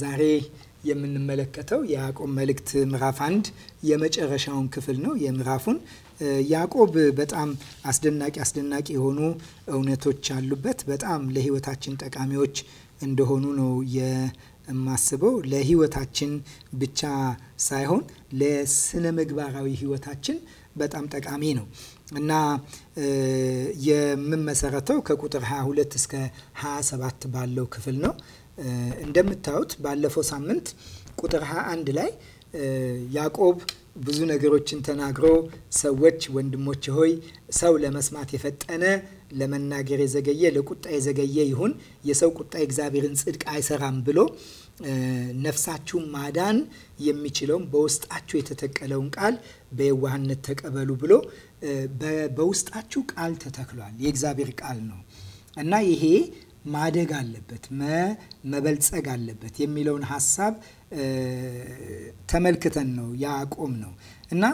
ዛሬ የምንመለከተው የያዕቆብ መልእክት ምዕራፍ አንድ የመጨረሻውን ክፍል ነው። የምዕራፉን ያዕቆብ በጣም አስደናቂ አስደናቂ የሆኑ እውነቶች ያሉበት በጣም ለሕይወታችን ጠቃሚዎች እንደሆኑ ነው የማስበው። ለሕይወታችን ብቻ ሳይሆን ለስነ ምግባራዊ ሕይወታችን በጣም ጠቃሚ ነው እና የምመሰረተው ከቁጥር 22 እስከ 27 ባለው ክፍል ነው። እንደምታዩት ባለፈው ሳምንት ቁጥር 21 ላይ ያዕቆብ ብዙ ነገሮችን ተናግሮ ሰዎች ወንድሞች ሆይ ሰው ለመስማት የፈጠነ ለመናገር የዘገየ ለቁጣ የዘገየ ይሁን የሰው ቁጣ እግዚአብሔርን ጽድቅ አይሰራም ብሎ ነፍሳችሁ ማዳን የሚችለውን በውስጣችሁ የተተቀለውን ቃል በየዋህነት ተቀበሉ ብሎ በውስጣችሁ ቃል ተተክሏል። የእግዚአብሔር ቃል ነው እና ይሄ ማደግ አለበት፣ መበልጸግ አለበት የሚለውን ሀሳብ ተመልክተን ነው ያዕቆብ ነው እና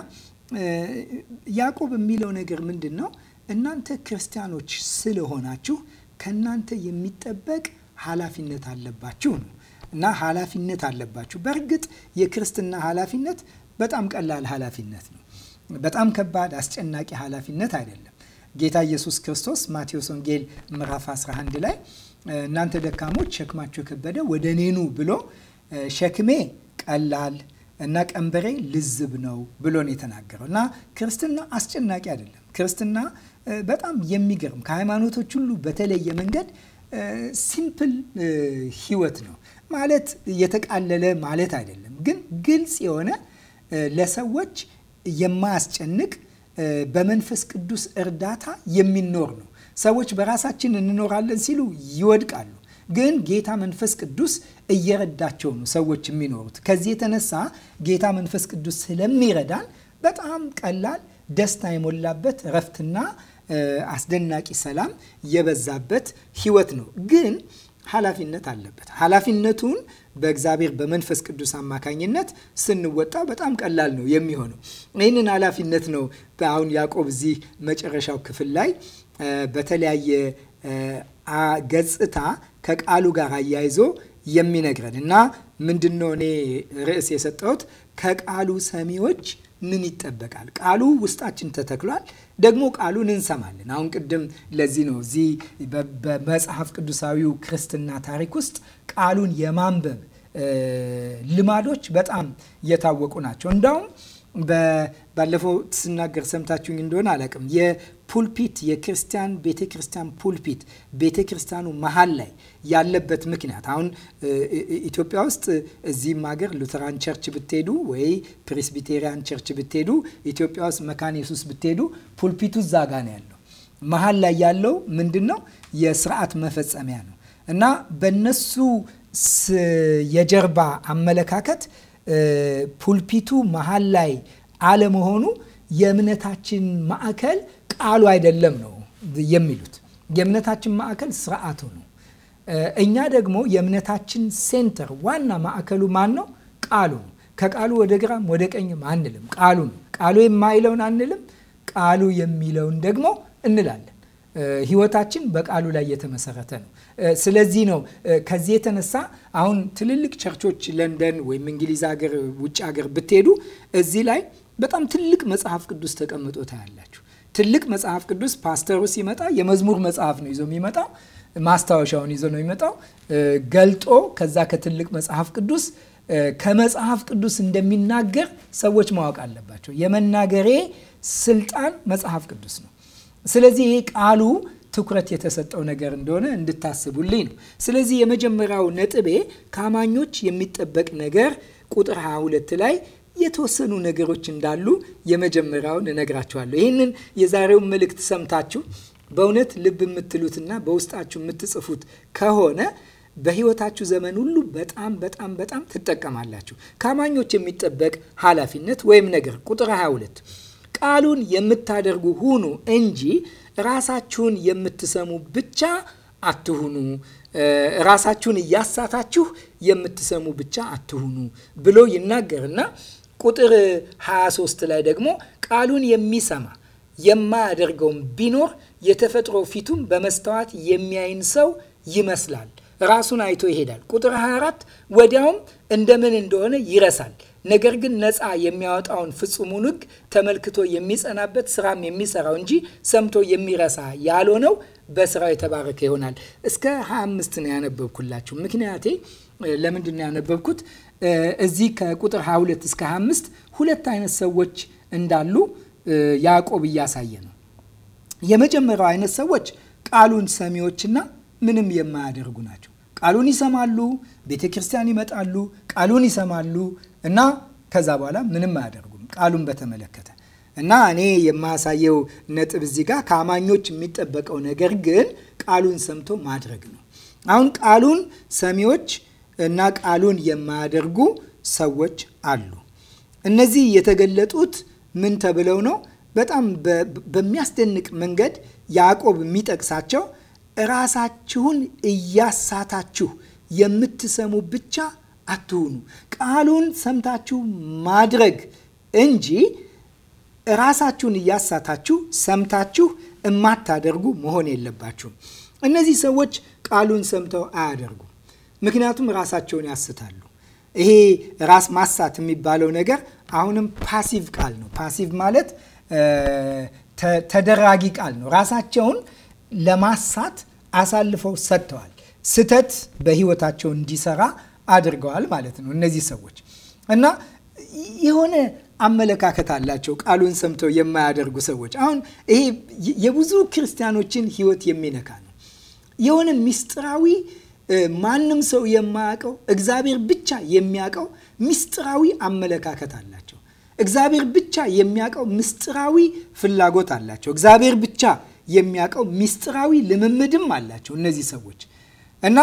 ያዕቆብ የሚለው ነገር ምንድን ነው? እናንተ ክርስቲያኖች ስለሆናችሁ ከእናንተ የሚጠበቅ ኃላፊነት አለባችሁ ነው እና ኃላፊነት አለባችሁ። በእርግጥ የክርስትና ኃላፊነት በጣም ቀላል ኃላፊነት ነው። በጣም ከባድ አስጨናቂ ኃላፊነት አይደለም። ጌታ ኢየሱስ ክርስቶስ ማቴዎስ ወንጌል ምዕራፍ 11 ላይ እናንተ ደካሞች ሸክማችሁ የከበደ ወደ እኔ ብሎ ሸክሜ ቀላል እና ቀንበሬ ልዝብ ነው ብሎ ነው የተናገረው። እና ክርስትና አስጨናቂ አይደለም። ክርስትና በጣም የሚገርም ከሃይማኖቶች ሁሉ በተለየ መንገድ ሲምፕል ህይወት ነው ማለት የተቃለለ ማለት አይደለም፣ ግን ግልጽ የሆነ ለሰዎች የማያስጨንቅ በመንፈስ ቅዱስ እርዳታ የሚኖር ነው። ሰዎች በራሳችን እንኖራለን ሲሉ ይወድቃሉ። ግን ጌታ መንፈስ ቅዱስ እየረዳቸው ነው ሰዎች የሚኖሩት። ከዚህ የተነሳ ጌታ መንፈስ ቅዱስ ስለሚረዳን በጣም ቀላል ደስታ የሞላበት እረፍትና አስደናቂ ሰላም የበዛበት ህይወት ነው። ግን ኃላፊነት አለበት። ኃላፊነቱን በእግዚአብሔር በመንፈስ ቅዱስ አማካኝነት ስንወጣ በጣም ቀላል ነው የሚሆነው። ይህንን ኃላፊነት ነው አሁን ያዕቆብ እዚህ መጨረሻው ክፍል ላይ በተለያየ ገጽታ ከቃሉ ጋር አያይዞ የሚነግረን እና ምንድን ነው እኔ ርዕስ የሰጠሁት ከቃሉ ሰሚዎች ምን ይጠበቃል? ቃሉ ውስጣችን ተተክሏል። ደግሞ ቃሉን እንሰማለን። አሁን ቅድም ለዚህ ነው እዚህ በመጽሐፍ ቅዱሳዊው ክርስትና ታሪክ ውስጥ ቃሉን የማንበብ ልማዶች በጣም የታወቁ ናቸው። እንዳውም ባለፈው ስናገር ሰምታችሁኝ እንደሆነ አላቅም። የፑልፒት የክርስቲያን ቤተ ክርስቲያን ፑልፒት ቤተ ክርስቲያኑ መሀል ላይ ያለበት ምክንያት አሁን ኢትዮጵያ ውስጥ እዚህም ሀገር ሉተራን ቸርች ብትሄዱ ወይ ፕሬስቢቴሪያን ቸርች ብትሄዱ፣ ኢትዮጵያ ውስጥ መካነ ኢየሱስ ብትሄዱ ፑልፒቱ እዛ ጋ ነው ያለው። መሀል ላይ ያለው ምንድን ነው? የስርዓት መፈጸሚያ ነው እና በነሱ የጀርባ አመለካከት ፑልፒቱ መሀል ላይ አለመሆኑ የእምነታችን ማዕከል ቃሉ አይደለም ነው የሚሉት። የእምነታችን ማዕከል ስርዓቱ ነው። እኛ ደግሞ የእምነታችን ሴንተር ዋና ማዕከሉ ማን ነው? ቃሉ ነው። ከቃሉ ወደ ግራም ወደ ቀኝም አንልም። ቃሉ ነው። ቃሉ የማይለውን አንልም። ቃሉ የሚለውን ደግሞ እንላለን። ህይወታችን በቃሉ ላይ የተመሰረተ ነው። ስለዚህ ነው ከዚህ የተነሳ አሁን ትልልቅ ቸርቾች ለንደን ወይም እንግሊዝ ሀገር፣ ውጭ ሀገር ብትሄዱ እዚህ ላይ በጣም ትልቅ መጽሐፍ ቅዱስ ተቀምጦ ታያላችሁ። ትልቅ መጽሐፍ ቅዱስ ፓስተሩ ሲመጣ የመዝሙር መጽሐፍ ነው ይዞ የሚመጣው፣ ማስታወሻውን ይዞ ነው የሚመጣው። ገልጦ ከዛ ከትልቅ መጽሐፍ ቅዱስ ከመጽሐፍ ቅዱስ እንደሚናገር ሰዎች ማወቅ አለባቸው። የመናገሬ ስልጣን መጽሐፍ ቅዱስ ነው። ስለዚህ ይህ ቃሉ ትኩረት የተሰጠው ነገር እንደሆነ እንድታስቡልኝ ነው። ስለዚህ የመጀመሪያው ነጥቤ ከአማኞች የሚጠበቅ ነገር ቁጥር 22 ላይ የተወሰኑ ነገሮች እንዳሉ የመጀመሪያውን እነግራችኋለሁ። ይህንን የዛሬውን መልእክት ሰምታችሁ በእውነት ልብ የምትሉትና በውስጣችሁ የምትጽፉት ከሆነ በህይወታችሁ ዘመን ሁሉ በጣም በጣም በጣም ትጠቀማላችሁ። ከአማኞች የሚጠበቅ ኃላፊነት ወይም ነገር ቁጥር 22 ቃሉን የምታደርጉ ሁኑ እንጂ ራሳችሁን የምትሰሙ ብቻ አትሁኑ፣ ራሳችሁን እያሳታችሁ የምትሰሙ ብቻ አትሁኑ ብሎ ይናገርና ቁጥር 23 ላይ ደግሞ ቃሉን የሚሰማ የማያደርገውም ቢኖር የተፈጥሮ ፊቱን በመስተዋት የሚያይን ሰው ይመስላል። ራሱን አይቶ ይሄዳል። ቁጥር 24 ወዲያውም እንደምን እንደሆነ ይረሳል። ነገር ግን ነፃ የሚያወጣውን ፍጹሙን ሕግ ተመልክቶ የሚጸናበት ስራም የሚሰራው እንጂ ሰምቶ የሚረሳ ያልሆነው በስራው የተባረከ ይሆናል። እስከ 25 ነው ያነበብኩላችሁ። ምክንያቴ ለምንድን ነው ያነበብኩት? እዚህ ከቁጥር 22 እስከ 25 ሁለት አይነት ሰዎች እንዳሉ ያዕቆብ እያሳየ ነው። የመጀመሪያው አይነት ሰዎች ቃሉን ሰሚዎችና ምንም የማያደርጉ ናቸው። ቃሉን ይሰማሉ፣ ቤተ ክርስቲያን ይመጣሉ፣ ቃሉን ይሰማሉ እና ከዛ በኋላ ምንም አያደርጉም ቃሉን በተመለከተ እና እኔ የማሳየው ነጥብ እዚህ ጋር ከአማኞች የሚጠበቀው ነገር ግን ቃሉን ሰምቶ ማድረግ ነው። አሁን ቃሉን ሰሚዎች እና ቃሉን የማያደርጉ ሰዎች አሉ። እነዚህ የተገለጡት ምን ተብለው ነው? በጣም በሚያስደንቅ መንገድ ያዕቆብ የሚጠቅሳቸው ራሳችሁን እያሳታችሁ የምትሰሙ ብቻ አትሁኑ። ቃሉን ሰምታችሁ ማድረግ እንጂ ራሳችሁን እያሳታችሁ ሰምታችሁ እማታደርጉ መሆን የለባችሁም። እነዚህ ሰዎች ቃሉን ሰምተው አያደርጉም፣ ምክንያቱም ራሳቸውን ያስታሉ። ይሄ ራስ ማሳት የሚባለው ነገር አሁንም ፓሲቭ ቃል ነው። ፓሲቭ ማለት ተደራጊ ቃል ነው። ራሳቸውን ለማሳት አሳልፈው ሰጥተዋል። ስተት በህይወታቸው እንዲሰራ አድርገዋል ማለት ነው። እነዚህ ሰዎች እና የሆነ አመለካከት አላቸው። ቃሉን ሰምተው የማያደርጉ ሰዎች። አሁን ይሄ የብዙ ክርስቲያኖችን ህይወት የሚነካ ነው። የሆነ ምስጢራዊ ማንም ሰው የማያውቀው እግዚአብሔር ብቻ የሚያውቀው ምስጢራዊ አመለካከት አላቸው። እግዚአብሔር ብቻ የሚያውቀው ምስጢራዊ ፍላጎት አላቸው። እግዚአብሔር ብቻ የሚያውቀው ሚስጥራዊ ልምምድም አላቸው እነዚህ ሰዎች እና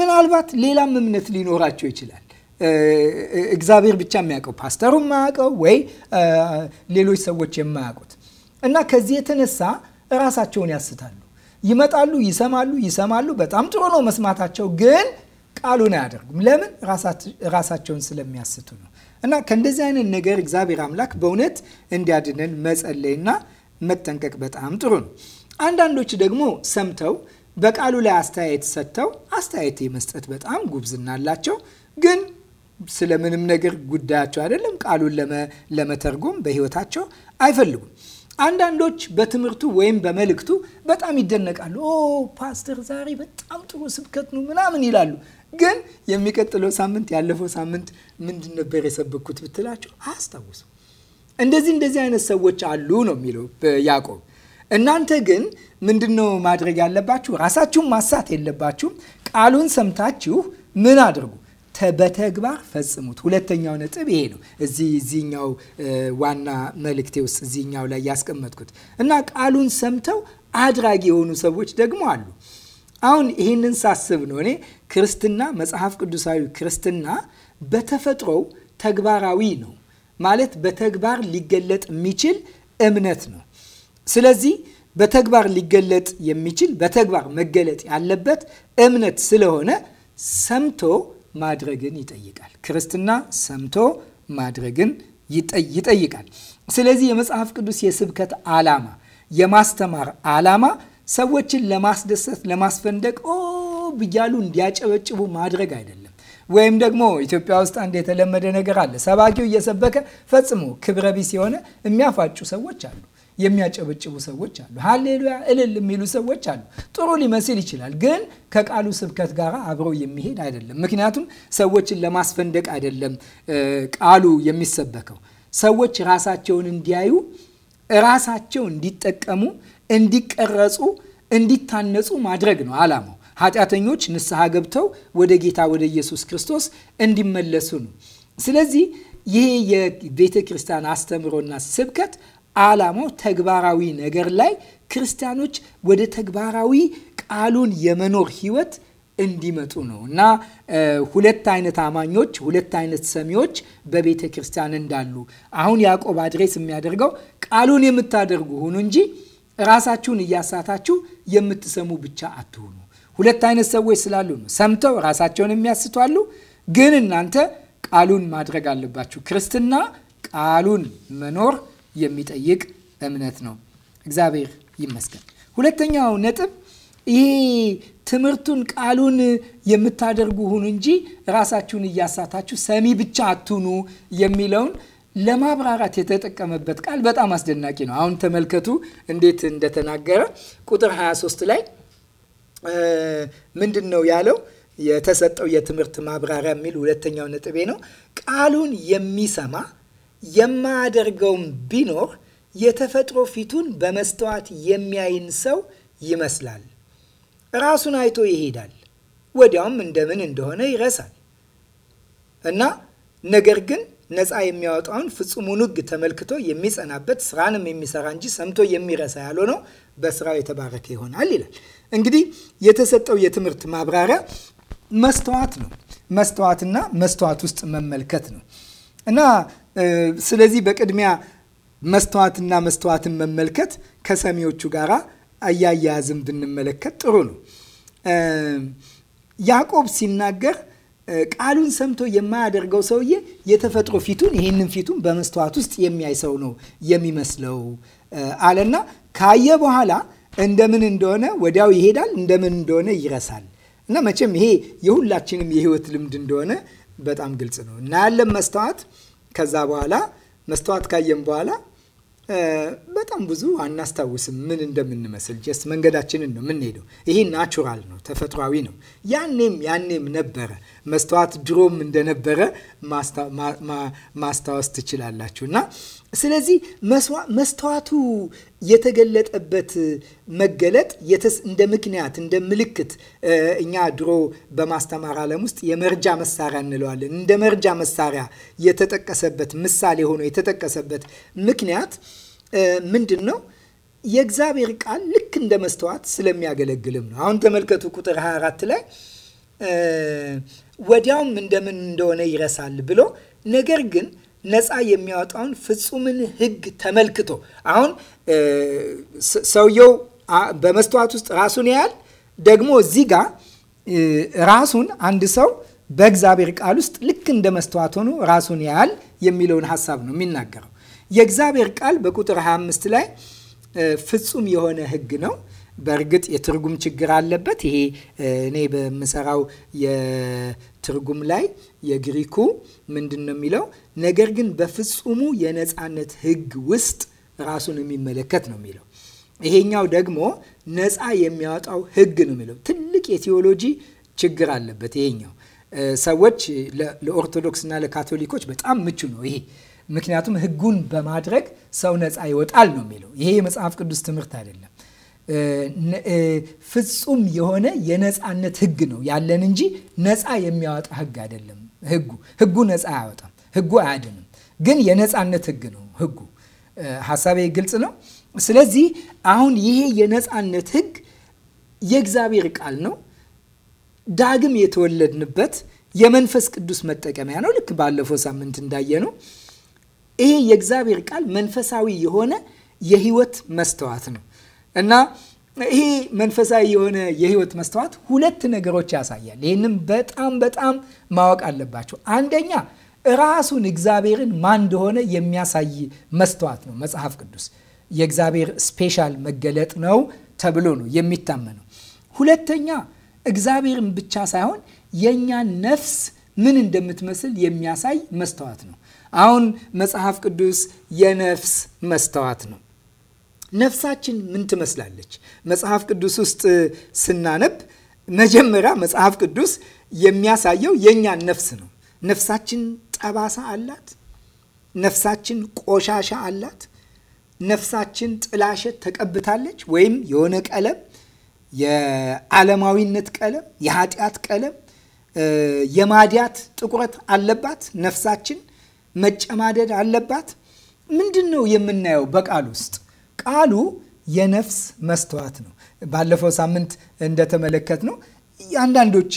ምናልባት ሌላም እምነት ሊኖራቸው ይችላል። እግዚአብሔር ብቻ የሚያውቀው ፓስተሩ የማያውቀው ወይ ሌሎች ሰዎች የማያውቁት እና ከዚህ የተነሳ ራሳቸውን ያስታሉ። ይመጣሉ፣ ይሰማሉ፣ ይሰማሉ። በጣም ጥሩ ነው መስማታቸው፣ ግን ቃሉን አያደርጉም። ለምን? ራሳቸውን ስለሚያስቱ ነው። እና ከእንደዚህ አይነት ነገር እግዚአብሔር አምላክ በእውነት እንዲያድነን መጸለይና መጠንቀቅ በጣም ጥሩ ነው። አንዳንዶች ደግሞ ሰምተው በቃሉ ላይ አስተያየት ሰጥተው አስተያየት የመስጠት በጣም ጉብዝና አላቸው። ግን ስለምንም ነገር ጉዳያቸው አይደለም። ቃሉን ለመተርጎም በህይወታቸው አይፈልጉም። አንዳንዶች በትምህርቱ ወይም በመልእክቱ በጣም ይደነቃሉ። ኦ ፓስተር፣ ዛሬ በጣም ጥሩ ስብከት ነው ምናምን ይላሉ። ግን የሚቀጥለው ሳምንት፣ ያለፈው ሳምንት ምንድን ነበር የሰበኩት ብትላቸው አያስታውሱም። እንደዚህ እንደዚህ አይነት ሰዎች አሉ ነው የሚለው ያዕቆብ። እናንተ ግን ምንድነው ማድረግ ያለባችሁ? ራሳችሁን ማሳት የለባችሁም። ቃሉን ሰምታችሁ ምን አድርጉ? በተግባር ፈጽሙት። ሁለተኛው ነጥብ ይሄ ነው። እዚህ እዚህኛው ዋና መልእክቴ ውስጥ እዚህኛው ላይ ያስቀመጥኩት እና ቃሉን ሰምተው አድራጊ የሆኑ ሰዎች ደግሞ አሉ። አሁን ይህንን ሳስብ ነው እኔ ክርስትና፣ መጽሐፍ ቅዱሳዊ ክርስትና በተፈጥሮው ተግባራዊ ነው። ማለት በተግባር ሊገለጥ የሚችል እምነት ነው። ስለዚህ በተግባር ሊገለጥ የሚችል በተግባር መገለጥ ያለበት እምነት ስለሆነ ሰምቶ ማድረግን ይጠይቃል። ክርስትና ሰምቶ ማድረግን ይጠይቃል። ስለዚህ የመጽሐፍ ቅዱስ የስብከት ዓላማ የማስተማር ዓላማ ሰዎችን ለማስደሰት፣ ለማስፈንደቅ ኦ ብያሉ እንዲያጨበጭቡ ማድረግ አይደለም። ወይም ደግሞ ኢትዮጵያ ውስጥ አንድ የተለመደ ነገር አለ። ሰባኪው እየሰበከ ፈጽሞ ክብረ ቢስ የሆነ የሚያፋጩ ሰዎች አሉ፣ የሚያጨበጭቡ ሰዎች አሉ፣ ሀሌሉያ እልል የሚሉ ሰዎች አሉ። ጥሩ ሊመስል ይችላል፣ ግን ከቃሉ ስብከት ጋር አብሮ የሚሄድ አይደለም። ምክንያቱም ሰዎችን ለማስፈንደቅ አይደለም ቃሉ የሚሰበከው፣ ሰዎች ራሳቸውን እንዲያዩ፣ ራሳቸው እንዲጠቀሙ፣ እንዲቀረጹ፣ እንዲታነጹ ማድረግ ነው አላማው። ኃጢአተኞች ንስሐ ገብተው ወደ ጌታ ወደ ኢየሱስ ክርስቶስ እንዲመለሱ ነው። ስለዚህ ይሄ የቤተ ክርስቲያን አስተምህሮና ስብከት ዓላማው ተግባራዊ ነገር ላይ ክርስቲያኖች ወደ ተግባራዊ ቃሉን የመኖር ህይወት እንዲመጡ ነው እና ሁለት አይነት አማኞች፣ ሁለት አይነት ሰሚዎች በቤተ ክርስቲያን እንዳሉ አሁን ያዕቆብ አድሬስ የሚያደርገው ቃሉን የምታደርጉ ሁኑ እንጂ ራሳችሁን እያሳታችሁ የምትሰሙ ብቻ አትሁኑ። ሁለት አይነት ሰዎች ስላሉ ነው። ሰምተው ራሳቸውን የሚያስቷሉ፣ ግን እናንተ ቃሉን ማድረግ አለባችሁ። ክርስትና ቃሉን መኖር የሚጠይቅ እምነት ነው። እግዚአብሔር ይመስገን። ሁለተኛው ነጥብ ይሄ ትምህርቱን ቃሉን የምታደርጉ ሁኑ እንጂ ራሳችሁን እያሳታችሁ ሰሚ ብቻ አትኑ የሚለውን ለማብራራት የተጠቀመበት ቃል በጣም አስደናቂ ነው። አሁን ተመልከቱ እንዴት እንደተናገረ ቁጥር 23 ላይ ምንድን ነው ያለው የተሰጠው የትምህርት ማብራሪያ የሚል ሁለተኛው ነጥቤ ነው። ቃሉን የሚሰማ የማያደርገውም ቢኖር የተፈጥሮ ፊቱን በመስተዋት የሚያይን ሰው ይመስላል። ራሱን አይቶ ይሄዳል፣ ወዲያውም እንደምን እንደሆነ ይረሳል እና ነገር ግን ነፃ የሚያወጣውን ፍጹሙን ሕግ ተመልክቶ የሚጸናበት ስራንም የሚሰራ እንጂ ሰምቶ የሚረሳ ያልሆነው በስራው የተባረከ ይሆናል ይላል። እንግዲህ የተሰጠው የትምህርት ማብራሪያ መስተዋት ነው። መስተዋትና መስተዋት ውስጥ መመልከት ነው እና ስለዚህ በቅድሚያ መስተዋትና መስተዋትን መመልከት ከሰሚዎቹ ጋር አያያዝም ብንመለከት ጥሩ ነው። ያዕቆብ ሲናገር ቃሉን ሰምቶ የማያደርገው ሰውዬ የተፈጥሮ ፊቱን ይህንን ፊቱን በመስተዋት ውስጥ የሚያይ ሰው ነው የሚመስለው አለና ካየ በኋላ እንደምን እንደሆነ ወዲያው ይሄዳል፣ እንደምን እንደሆነ ይረሳል። እና መቼም ይሄ የሁላችንም የህይወት ልምድ እንደሆነ በጣም ግልጽ ነው። እናያለን መስተዋት። ከዛ በኋላ መስተዋት ካየን በኋላ በጣም ብዙ አናስታውስም፣ ምን እንደምንመስል ጀስት መንገዳችንን ነው የምንሄደው። ይሄ ናቹራል ነው፣ ተፈጥሯዊ ነው። ያኔም ያኔም ነበረ መስተዋት ድሮም እንደነበረ ማስታወስ ትችላላችሁ። እና ስለዚህ መስተዋቱ የተገለጠበት መገለጥ እንደ ምክንያት እንደ ምልክት እኛ ድሮ በማስተማር ዓለም ውስጥ የመርጃ መሳሪያ እንለዋለን። እንደ መርጃ መሳሪያ የተጠቀሰበት ምሳሌ ሆኖ የተጠቀሰበት ምክንያት ምንድን ነው? የእግዚአብሔር ቃል ልክ እንደ መስተዋት ስለሚያገለግልም ነው። አሁን ተመልከቱ ቁጥር 24 ላይ ወዲያውም እንደምን እንደሆነ ይረሳል ብሎ ነገር ግን ነፃ የሚያወጣውን ፍጹምን ሕግ ተመልክቶ አሁን ሰውየው በመስተዋት ውስጥ ራሱን ያያል። ደግሞ እዚህ ጋር ራሱን አንድ ሰው በእግዚአብሔር ቃል ውስጥ ልክ እንደ መስተዋት ሆኖ ራሱን ያያል የሚለውን ሀሳብ ነው የሚናገረው። የእግዚአብሔር ቃል በቁጥር 25 ላይ ፍጹም የሆነ ሕግ ነው በእርግጥ የትርጉም ችግር አለበት። ይሄ እኔ በምሰራው የትርጉም ላይ የግሪኩ ምንድን ነው የሚለው ነገር ግን በፍጹሙ የነፃነት ህግ ውስጥ ራሱን የሚመለከት ነው የሚለው። ይሄኛው ደግሞ ነፃ የሚያወጣው ህግ ነው የሚለው። ትልቅ የቴዎሎጂ ችግር አለበት ይሄኛው። ሰዎች ለኦርቶዶክስና ለካቶሊኮች በጣም ምቹ ነው ይሄ ምክንያቱም ህጉን በማድረግ ሰው ነፃ ይወጣል ነው የሚለው። ይሄ የመጽሐፍ ቅዱስ ትምህርት አይደለም። ፍጹም የሆነ የነፃነት ህግ ነው ያለን እንጂ ነፃ የሚያወጣ ህግ አይደለም። ህጉ ህጉ ነፃ አያወጣም። ህጉ አያድንም፣ ግን የነፃነት ህግ ነው ህጉ። ሀሳቤ ግልጽ ነው። ስለዚህ አሁን ይሄ የነፃነት ህግ የእግዚአብሔር ቃል ነው። ዳግም የተወለድንበት የመንፈስ ቅዱስ መጠቀሚያ ነው። ልክ ባለፈው ሳምንት እንዳየ ነው። ይሄ የእግዚአብሔር ቃል መንፈሳዊ የሆነ የህይወት መስተዋት ነው። እና ይሄ መንፈሳዊ የሆነ የህይወት መስተዋት ሁለት ነገሮች ያሳያል። ይህንም በጣም በጣም ማወቅ አለባቸው። አንደኛ ራሱን እግዚአብሔርን ማን እንደሆነ የሚያሳይ መስተዋት ነው። መጽሐፍ ቅዱስ የእግዚአብሔር ስፔሻል መገለጥ ነው ተብሎ ነው የሚታመነው። ሁለተኛ እግዚአብሔርን ብቻ ሳይሆን የእኛን ነፍስ ምን እንደምትመስል የሚያሳይ መስተዋት ነው። አሁን መጽሐፍ ቅዱስ የነፍስ መስተዋት ነው። ነፍሳችን ምን ትመስላለች? መጽሐፍ ቅዱስ ውስጥ ስናነብ መጀመሪያ መጽሐፍ ቅዱስ የሚያሳየው የእኛን ነፍስ ነው። ነፍሳችን ጠባሳ አላት። ነፍሳችን ቆሻሻ አላት። ነፍሳችን ጥላሸት ተቀብታለች፣ ወይም የሆነ ቀለም፣ የዓለማዊነት ቀለም፣ የኃጢአት ቀለም፣ የማዲያት ጥቁረት አለባት። ነፍሳችን መጨማደድ አለባት። ምንድን ነው የምናየው በቃል ውስጥ ቃሉ የነፍስ መስተዋት ነው። ባለፈው ሳምንት እንደተመለከት ነው የአንዳንዶች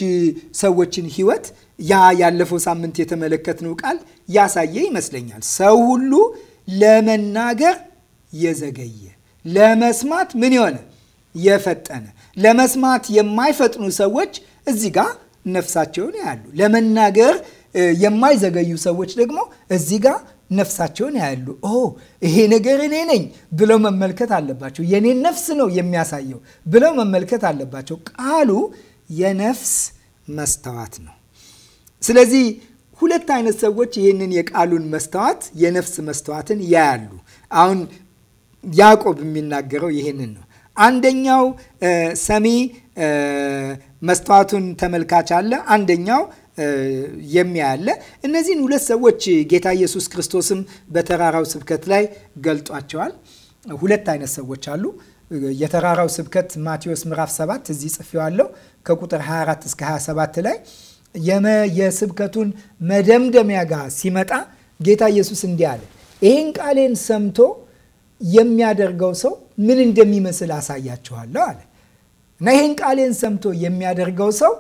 ሰዎችን ህይወት ያ ያለፈው ሳምንት የተመለከትነው ቃል ያሳየ ይመስለኛል። ሰው ሁሉ ለመናገር የዘገየ ለመስማት ምን የሆነ የፈጠነ ለመስማት የማይፈጥኑ ሰዎች እዚህ ጋር ነፍሳቸውን ያሉ ለመናገር የማይዘገዩ ሰዎች ደግሞ እዚህ ጋር ነፍሳቸውን ያያሉ። ኦ ይሄ ነገር እኔ ነኝ ብለው መመልከት አለባቸው። የኔን ነፍስ ነው የሚያሳየው ብለው መመልከት አለባቸው። ቃሉ የነፍስ መስተዋት ነው። ስለዚህ ሁለት አይነት ሰዎች ይህንን የቃሉን መስተዋት የነፍስ መስተዋትን ያያሉ። አሁን ያዕቆብ የሚናገረው ይህንን ነው። አንደኛው ሰሚ መስተዋቱን ተመልካች አለ። አንደኛው የሚያለ እነዚህን ሁለት ሰዎች ጌታ ኢየሱስ ክርስቶስም በተራራው ስብከት ላይ ገልጧቸዋል። ሁለት አይነት ሰዎች አሉ። የተራራው ስብከት ማቴዎስ ምዕራፍ 7 እዚህ ጽፌዋለሁ ከቁጥር 24 እስከ 27 ላይ የስብከቱን መደምደሚያ ጋር ሲመጣ ጌታ ኢየሱስ እንዲህ አለ፣ ይህን ቃሌን ሰምቶ የሚያደርገው ሰው ምን እንደሚመስል አሳያችኋለሁ አለ እና ይህን ቃሌን ሰምቶ የሚያደርገው ሰው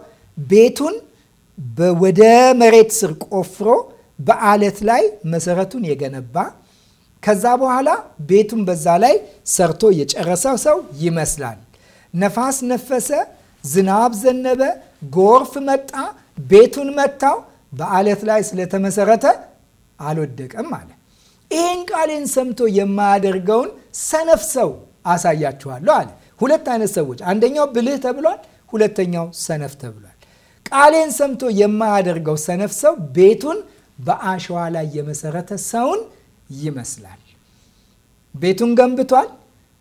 ቤቱን ወደ መሬት ስር ቆፍሮ በአለት ላይ መሰረቱን የገነባ ከዛ በኋላ ቤቱን በዛ ላይ ሰርቶ የጨረሰ ሰው ይመስላል። ነፋስ ነፈሰ፣ ዝናብ ዘነበ፣ ጎርፍ መጣ፣ ቤቱን መታው። በአለት ላይ ስለተመሰረተ አልወደቀም አለ። ይህን ቃሌን ሰምቶ የማያደርገውን ሰነፍ ሰው አሳያችኋለሁ አለ። ሁለት አይነት ሰዎች፣ አንደኛው ብልህ ተብሏል፣ ሁለተኛው ሰነፍ ተብሏል። ቃሌን ሰምቶ የማያደርገው ሰነፍ ሰው ቤቱን በአሸዋ ላይ የመሰረተ ሰውን ይመስላል። ቤቱን ገንብቷል።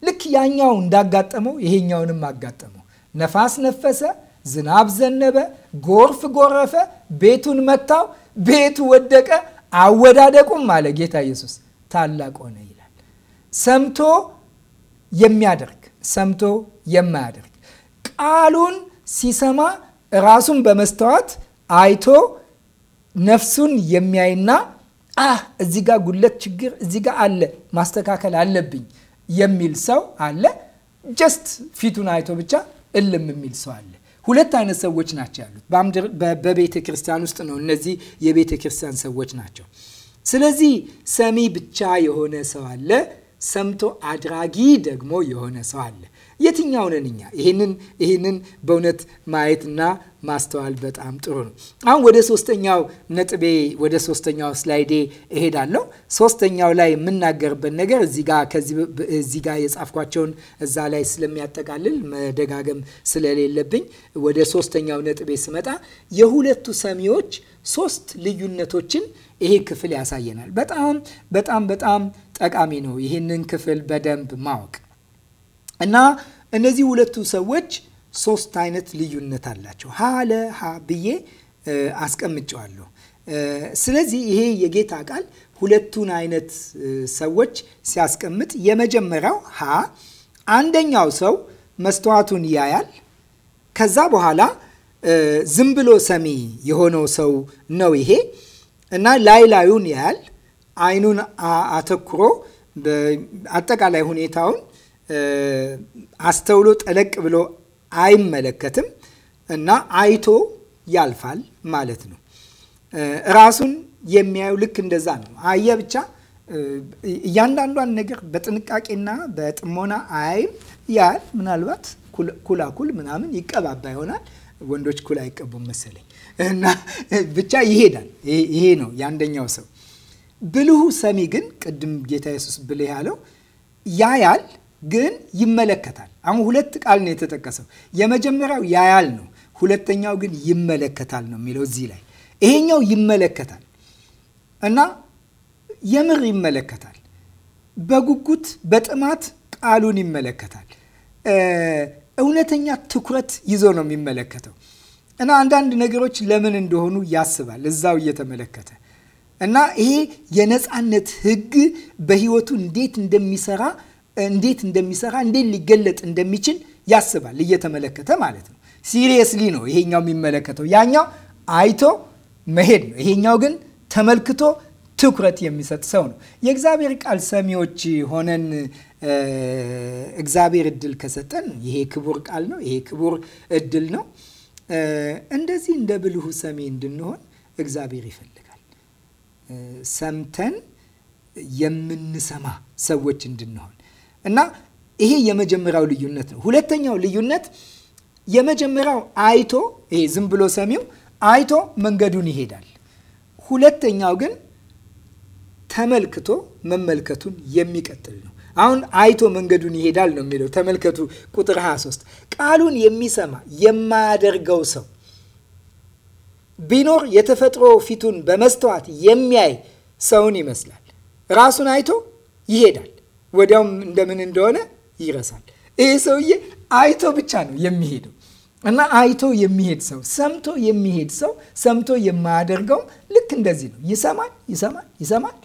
ልክ ያኛው እንዳጋጠመው ይሄኛውንም አጋጠመው። ነፋስ ነፈሰ፣ ዝናብ ዘነበ፣ ጎርፍ ጎረፈ፣ ቤቱን መታው፣ ቤቱ ወደቀ። አወዳደቁም አለ ጌታ ኢየሱስ ታላቅ ሆነ ይላል። ሰምቶ የሚያደርግ ሰምቶ የማያደርግ ቃሉን ሲሰማ ራሱን በመስተዋት አይቶ ነፍሱን የሚያይና አህ እዚህ ጉለት ችግር እዚ ጋ አለ ማስተካከል አለብኝ የሚል ሰው አለ። ጀስት ፊቱን አይቶ ብቻ እልም የሚል ሰው አለ። ሁለት አይነት ሰዎች ናቸው ያሉት በቤተ ክርስቲያን ውስጥ ነው። እነዚህ የቤተ ክርስቲያን ሰዎች ናቸው። ስለዚህ ሰሚ ብቻ የሆነ ሰው አለ፣ ሰምቶ አድራጊ ደግሞ የሆነ ሰው አለ። የትኛው ነን እኛ? ይህንን ይህንን በእውነት ማየትና ማስተዋል በጣም ጥሩ ነው። አሁን ወደ ሶስተኛው ነጥቤ ወደ ሶስተኛው ስላይዴ እሄዳለሁ። ሶስተኛው ላይ የምናገርበት ነገር እዚህ ጋ የጻፍኳቸውን እዛ ላይ ስለሚያጠቃልል መደጋገም ስለሌለብኝ ወደ ሶስተኛው ነጥቤ ስመጣ የሁለቱ ሰሚዎች ሶስት ልዩነቶችን ይሄ ክፍል ያሳየናል። በጣም በጣም በጣም ጠቃሚ ነው ይህንን ክፍል በደንብ ማወቅ እና እነዚህ ሁለቱ ሰዎች ሶስት አይነት ልዩነት አላቸው። ሀ ለሀ ብዬ አስቀምጨዋለሁ። ስለዚህ ይሄ የጌታ ቃል ሁለቱን አይነት ሰዎች ሲያስቀምጥ የመጀመሪያው ሀ አንደኛው ሰው መስተዋቱን ያያል። ከዛ በኋላ ዝም ብሎ ሰሚ የሆነው ሰው ነው ይሄ እና ላይ ላዩን ያያል። አይኑን አተኩሮ አጠቃላይ ሁኔታውን አስተውሎ ጠለቅ ብሎ አይመለከትም እና አይቶ ያልፋል ማለት ነው። ራሱን የሚያዩ ልክ እንደዛ ነው። አየ ብቻ እያንዳንዷን ነገር በጥንቃቄና በጥሞና አይም ያል ምናልባት ኩላኩል ምናምን ይቀባባ ይሆናል። ወንዶች ኩል አይቀቡም መሰለኝ እና ብቻ ይሄዳል። ይሄ ነው የአንደኛው ሰው። ብልሁ ሰሚ ግን ቅድም ጌታ የሱስ ብልህ ያለው ያያል ግን ይመለከታል። አሁን ሁለት ቃል ነው የተጠቀሰው። የመጀመሪያው ያያል ነው፣ ሁለተኛው ግን ይመለከታል ነው የሚለው እዚህ ላይ። ይሄኛው ይመለከታል እና የምር ይመለከታል። በጉጉት በጥማት ቃሉን ይመለከታል። እውነተኛ ትኩረት ይዞ ነው የሚመለከተው እና አንዳንድ ነገሮች ለምን እንደሆኑ ያስባል እዛው እየተመለከተ እና ይሄ የነፃነት ህግ በህይወቱ እንዴት እንደሚሰራ እንዴት እንደሚሰራ እንዴት ሊገለጥ እንደሚችል ያስባል እየተመለከተ ማለት ነው። ሲሪየስሊ ነው ይሄኛው የሚመለከተው። ያኛው አይቶ መሄድ ነው። ይሄኛው ግን ተመልክቶ ትኩረት የሚሰጥ ሰው ነው። የእግዚአብሔር ቃል ሰሚዎች ሆነን እግዚአብሔር እድል ከሰጠን ይሄ ክቡር ቃል ነው። ይሄ ክቡር እድል ነው። እንደዚህ እንደ ብልሁ ሰሚ እንድንሆን እግዚአብሔር ይፈልጋል። ሰምተን የምንሰማ ሰዎች እንድንሆን እና ይሄ የመጀመሪያው ልዩነት ነው። ሁለተኛው ልዩነት የመጀመሪያው አይቶ ይሄ ዝም ብሎ ሰሚው አይቶ መንገዱን ይሄዳል። ሁለተኛው ግን ተመልክቶ መመልከቱን የሚቀጥል ነው። አሁን አይቶ መንገዱን ይሄዳል ነው የሚለው። ተመልከቱ ቁጥር 23 ቃሉን የሚሰማ የማያደርገው ሰው ቢኖር የተፈጥሮ ፊቱን በመስተዋት የሚያይ ሰውን ይመስላል። ራሱን አይቶ ይሄዳል። ወዲያውም እንደምን እንደሆነ ይረሳል። ይሄ ሰውዬ አይቶ ብቻ ነው የሚሄደው እና አይቶ የሚሄድ ሰው ሰምቶ የሚሄድ ሰው ሰምቶ የማያደርገው ልክ እንደዚህ ነው። ይሰማል ይሰማል ይሰማል፣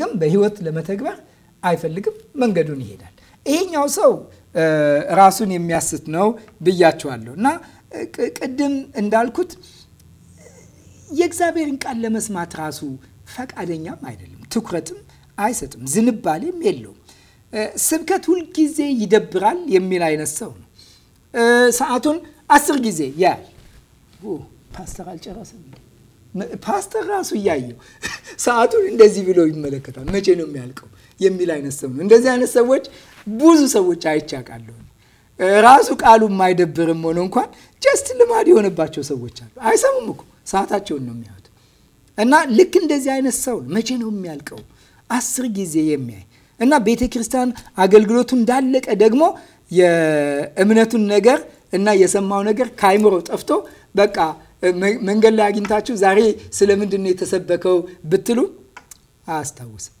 ግን በህይወት ለመተግበር አይፈልግም፣ መንገዱን ይሄዳል። ይሄኛው ሰው ራሱን የሚያስት ነው ብያቸዋለሁ። እና ቅድም እንዳልኩት የእግዚአብሔርን ቃል ለመስማት ራሱ ፈቃደኛም አይደለም፣ ትኩረትም አይሰጥም፣ ዝንባሌም የለውም። ስብከት ሁልጊዜ ይደብራል የሚል አይነት ሰው ነው። ሰዓቱን አስር ጊዜ ያያል። ፓስተር አልጨረሰም። ፓስተር ራሱ እያየው ሰዓቱን እንደዚህ ብሎ ይመለከታል። መቼ ነው የሚያልቀው የሚል አይነት ሰው ነው። እንደዚህ አይነት ሰዎች ብዙ ሰዎች አይቻቃለሁ። ራሱ ቃሉ የማይደብርም ሆኖ እንኳን ጀስት ልማድ የሆነባቸው ሰዎች አሉ። አይሰሙም እኮ ሰዓታቸውን ነው የሚያዩት። እና ልክ እንደዚህ አይነት ሰው መቼ ነው የሚያልቀው አስር ጊዜ የሚያይ እና ቤተ ክርስቲያን አገልግሎቱ እንዳለቀ ደግሞ የእምነቱን ነገር እና የሰማው ነገር ከአይምሮ ጠፍቶ በቃ መንገድ ላይ አግኝታችሁ ዛሬ ስለምንድን ነው የተሰበከው ብትሉ አያስታውስም።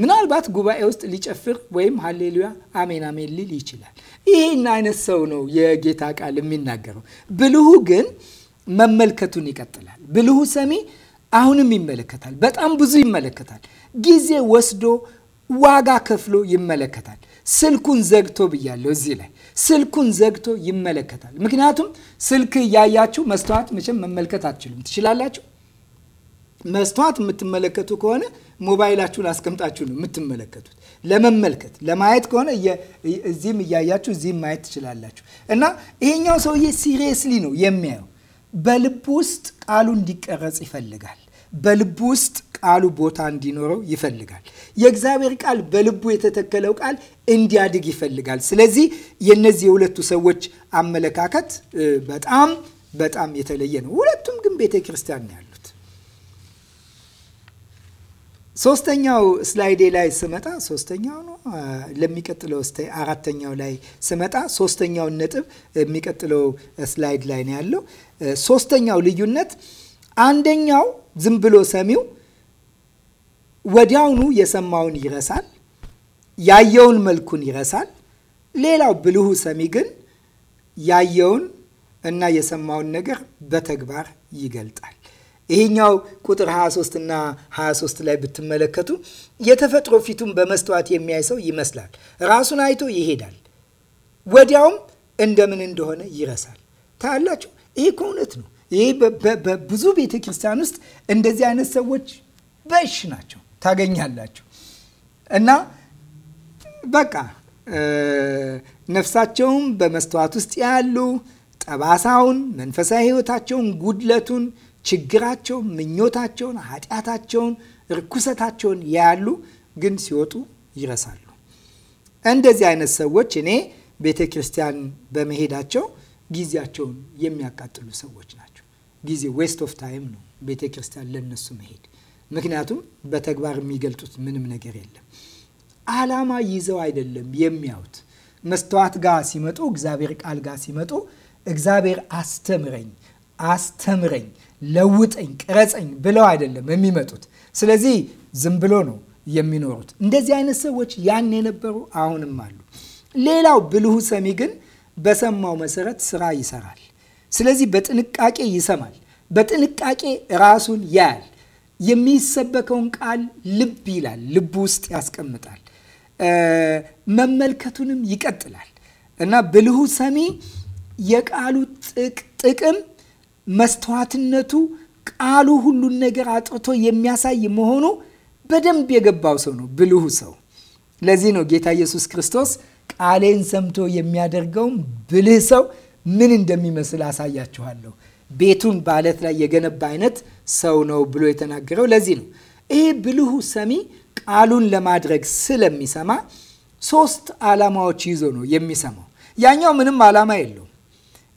ምናልባት ጉባኤ ውስጥ ሊጨፍር ወይም ሀሌሉያ አሜን አሜን ሊል ይችላል። ይሄን አይነት ሰው ነው የጌታ ቃል የሚናገረው። ብልሁ ግን መመልከቱን ይቀጥላል። ብልሁ ሰሚ አሁንም ይመለከታል። በጣም ብዙ ይመለከታል። ጊዜ ወስዶ ዋጋ ከፍሎ ይመለከታል። ስልኩን ዘግቶ ብያለሁ። እዚህ ላይ ስልኩን ዘግቶ ይመለከታል። ምክንያቱም ስልክ እያያችሁ መስተዋት መቼም መመልከት አትችሉም። ትችላላችሁ? መስተዋት የምትመለከቱ ከሆነ ሞባይላችሁን አስቀምጣችሁ ነው የምትመለከቱት። ለመመልከት ለማየት ከሆነ እዚህም እያያችሁ እዚህም ማየት ትችላላችሁ። እና ይሄኛው ሰውዬ ሲሪየስሊ ነው የሚያየው። በልብ ውስጥ ቃሉ እንዲቀረጽ ይፈልጋል። በልብ ውስጥ ቃሉ ቦታ እንዲኖረው ይፈልጋል። የእግዚአብሔር ቃል በልቡ የተተከለው ቃል እንዲያድግ ይፈልጋል። ስለዚህ የነዚህ የሁለቱ ሰዎች አመለካከት በጣም በጣም የተለየ ነው። ሁለቱም ግን ቤተ ክርስቲያን ነው ያሉት። ሶስተኛው ስላይዴ ላይ ስመጣ ሶስተኛው ነው ለሚቀጥለው ስ አራተኛው ላይ ስመጣ ሶስተኛውን ነጥብ የሚቀጥለው ስላይድ ላይ ነው ያለው። ሶስተኛው ልዩነት አንደኛው ዝም ብሎ ሰሚው ወዲያውኑ የሰማውን ይረሳል፣ ያየውን መልኩን ይረሳል። ሌላው ብልሁ ሰሚ ግን ያየውን እና የሰማውን ነገር በተግባር ይገልጣል። ይሄኛው ቁጥር 23 እና 23 ላይ ብትመለከቱ የተፈጥሮ ፊቱን በመስተዋት የሚያይ ሰው ይመስላል። ራሱን አይቶ ይሄዳል፣ ወዲያውም እንደምን እንደሆነ ይረሳል። ታያላችሁ፣ ይሄ ከእውነት ነው። ይሄ በብዙ ቤተ ክርስቲያን ውስጥ እንደዚህ አይነት ሰዎች በሽ ናቸው። ታገኛላችሁ። እና በቃ ነፍሳቸውም በመስተዋት ውስጥ ያሉ ጠባሳውን፣ መንፈሳዊ ህይወታቸውን ጉድለቱን፣ ችግራቸውን፣ ምኞታቸውን፣ ኃጢአታቸውን፣ ርኩሰታቸውን ያያሉ፣ ግን ሲወጡ ይረሳሉ። እንደዚህ አይነት ሰዎች እኔ ቤተ ክርስቲያን በመሄዳቸው ጊዜያቸውን የሚያቃጥሉ ሰዎች ናቸው። ጊዜ ዌስት ኦፍ ታይም ነው ቤተ ክርስቲያን ለነሱ መሄድ ምክንያቱም በተግባር የሚገልጡት ምንም ነገር የለም። ዓላማ ይዘው አይደለም የሚያዩት። መስተዋት ጋር ሲመጡ፣ እግዚአብሔር ቃል ጋር ሲመጡ እግዚአብሔር አስተምረኝ፣ አስተምረኝ፣ ለውጠኝ፣ ቅረጸኝ ብለው አይደለም የሚመጡት። ስለዚህ ዝም ብሎ ነው የሚኖሩት። እንደዚህ አይነት ሰዎች ያን የነበሩ አሁንም አሉ። ሌላው ብልሁ ሰሚ ግን በሰማው መሰረት ስራ ይሰራል። ስለዚህ በጥንቃቄ ይሰማል፣ በጥንቃቄ ራሱን ያያል። የሚሰበከውን ቃል ልብ ይላል፣ ልቡ ውስጥ ያስቀምጣል፣ መመልከቱንም ይቀጥላል እና ብልሁ ሰሚ የቃሉ ጥቅም መስተዋትነቱ ቃሉ ሁሉን ነገር አጥርቶ የሚያሳይ መሆኑ በደንብ የገባው ሰው ነው ብልሁ ሰው። ለዚህ ነው ጌታ ኢየሱስ ክርስቶስ ቃሌን ሰምቶ የሚያደርገውን ብልህ ሰው ምን እንደሚመስል አሳያችኋለሁ ቤቱን በአለት ላይ የገነባ አይነት ሰው ነው ብሎ የተናገረው ለዚህ ነው። ይሄ ብልሁ ሰሚ ቃሉን ለማድረግ ስለሚሰማ ሶስት ዓላማዎች ይዞ ነው የሚሰማው። ያኛው ምንም ዓላማ የለውም።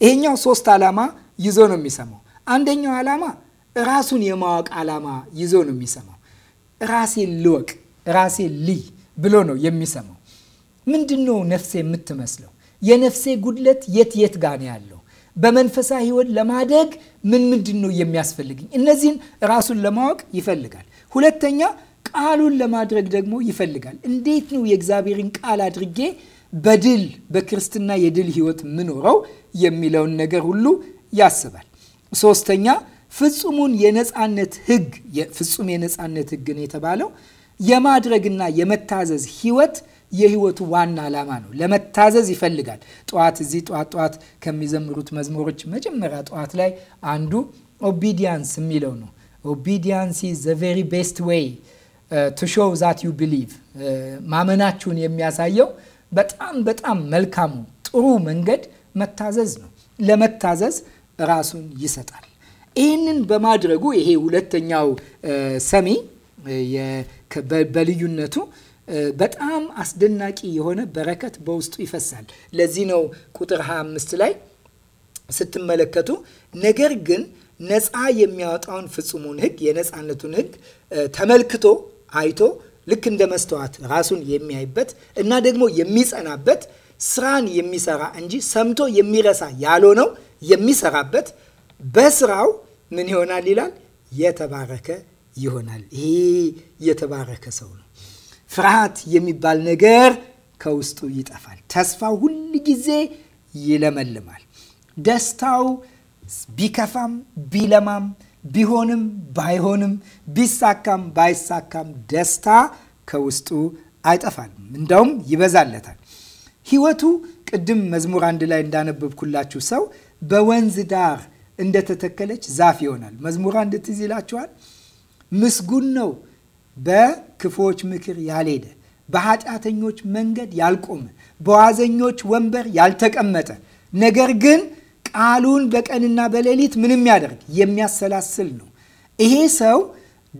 ይሄኛው ሶስት ዓላማ ይዞ ነው የሚሰማው። አንደኛው ዓላማ ራሱን የማወቅ ዓላማ ይዞ ነው የሚሰማው። ራሴን ልወቅ፣ ራሴን ልይ ብሎ ነው የሚሰማው። ምንድን ነው ነፍሴ የምትመስለው? የነፍሴ ጉድለት የት የት ጋር ነው ያለው? በመንፈሳዊ ህይወት ለማደግ ምን ምንድን ነው የሚያስፈልግኝ? እነዚህን ራሱን ለማወቅ ይፈልጋል። ሁለተኛ ቃሉን ለማድረግ ደግሞ ይፈልጋል። እንዴት ነው የእግዚአብሔርን ቃል አድርጌ በድል በክርስትና የድል ህይወት ምኖረው የሚለውን ነገር ሁሉ ያስባል። ሶስተኛ ፍጹሙን የነፃነት ህግ ፍጹም የነፃነት ህግ የተባለው የማድረግና የመታዘዝ ህይወት የህይወቱ ዋና ዓላማ ነው። ለመታዘዝ ይፈልጋል። ጠዋት እዚህ ጠዋት ጠዋት ከሚዘምሩት መዝሙሮች መጀመሪያ ጠዋት ላይ አንዱ ኦቢዲያንስ የሚለው ነው። ኦቢዲያንስ ዘ ቨሪ ቤስት ዌይ ቱ ሾው ዛት ዩ ቢሊቭ ማመናችሁን የሚያሳየው በጣም በጣም መልካሙ ጥሩ መንገድ መታዘዝ ነው። ለመታዘዝ ራሱን ይሰጣል። ይህንን በማድረጉ ይሄ ሁለተኛው uh, ሰሚ uh, በልዩነቱ በጣም አስደናቂ የሆነ በረከት በውስጡ ይፈሳል። ለዚህ ነው ቁጥር 25 ላይ ስትመለከቱ ነገር ግን ነፃ የሚያወጣውን ፍጹሙን ህግ የነፃነቱን ህግ ተመልክቶ አይቶ ልክ እንደ መስተዋት ራሱን የሚያይበት እና ደግሞ የሚጸናበት ስራን የሚሰራ እንጂ ሰምቶ የሚረሳ ያልሆነው የሚሰራበት በስራው ምን ይሆናል ይላል የተባረከ ይሆናል። ይሄ የተባረከ ሰው ነው። ፍርሃት የሚባል ነገር ከውስጡ ይጠፋል። ተስፋው ሁል ጊዜ ይለመልማል። ደስታው ቢከፋም ቢለማም ቢሆንም ባይሆንም ቢሳካም ባይሳካም ደስታ ከውስጡ አይጠፋም፣ እንደውም ይበዛለታል። ሕይወቱ ቅድም መዝሙር አንድ ላይ እንዳነበብኩላችሁ ሰው በወንዝ ዳር እንደተተከለች ዛፍ ይሆናል። መዝሙር አንድ ትዝ ይላችኋል። ምስጉን ነው በክፎች ምክር ያልሄደ፣ በኃጢአተኞች መንገድ ያልቆመ፣ በዋዘኞች ወንበር ያልተቀመጠ ነገር ግን ቃሉን በቀንና በሌሊት ምንም ያደርግ የሚያሰላስል ነው። ይሄ ሰው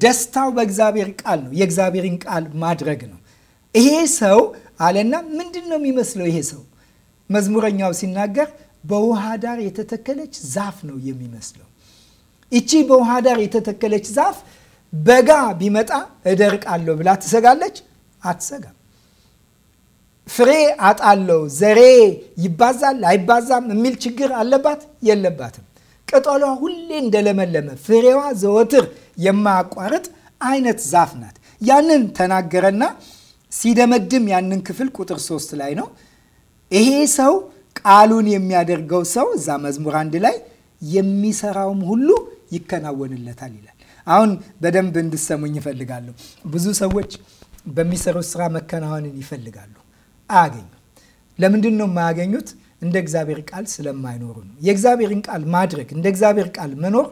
ደስታው በእግዚአብሔር ቃል ነው። የእግዚአብሔርን ቃል ማድረግ ነው። ይሄ ሰው አለና ምንድን ነው የሚመስለው? ይሄ ሰው መዝሙረኛው ሲናገር በውሃ ዳር የተተከለች ዛፍ ነው የሚመስለው። ይቺ በውሃ ዳር የተተከለች ዛፍ በጋ ቢመጣ እደርቃለሁ ብላ ትሰጋለች? አትሰጋም። ፍሬ አጣለው፣ ዘሬ ይባዛል አይባዛም የሚል ችግር አለባት? የለባትም። ቅጠሏ ሁሌ እንደለመለመ ፍሬዋ ዘወትር የማያቋርጥ አይነት ዛፍ ናት። ያንን ተናገረና ሲደመድም ያንን ክፍል ቁጥር ሶስት ላይ ነው ይሄ ሰው ቃሉን የሚያደርገው ሰው እዛ መዝሙር አንድ ላይ የሚሰራውም ሁሉ ይከናወንለታል ይላል። አሁን በደንብ እንድሰሙኝ ይፈልጋለሁ። ብዙ ሰዎች በሚሰሩት ስራ መከናወንን ይፈልጋሉ፣ አያገኙ። ለምንድን ነው የማያገኙት? እንደ እግዚአብሔር ቃል ስለማይኖሩ ነው። የእግዚአብሔርን ቃል ማድረግ እንደ እግዚአብሔር ቃል መኖር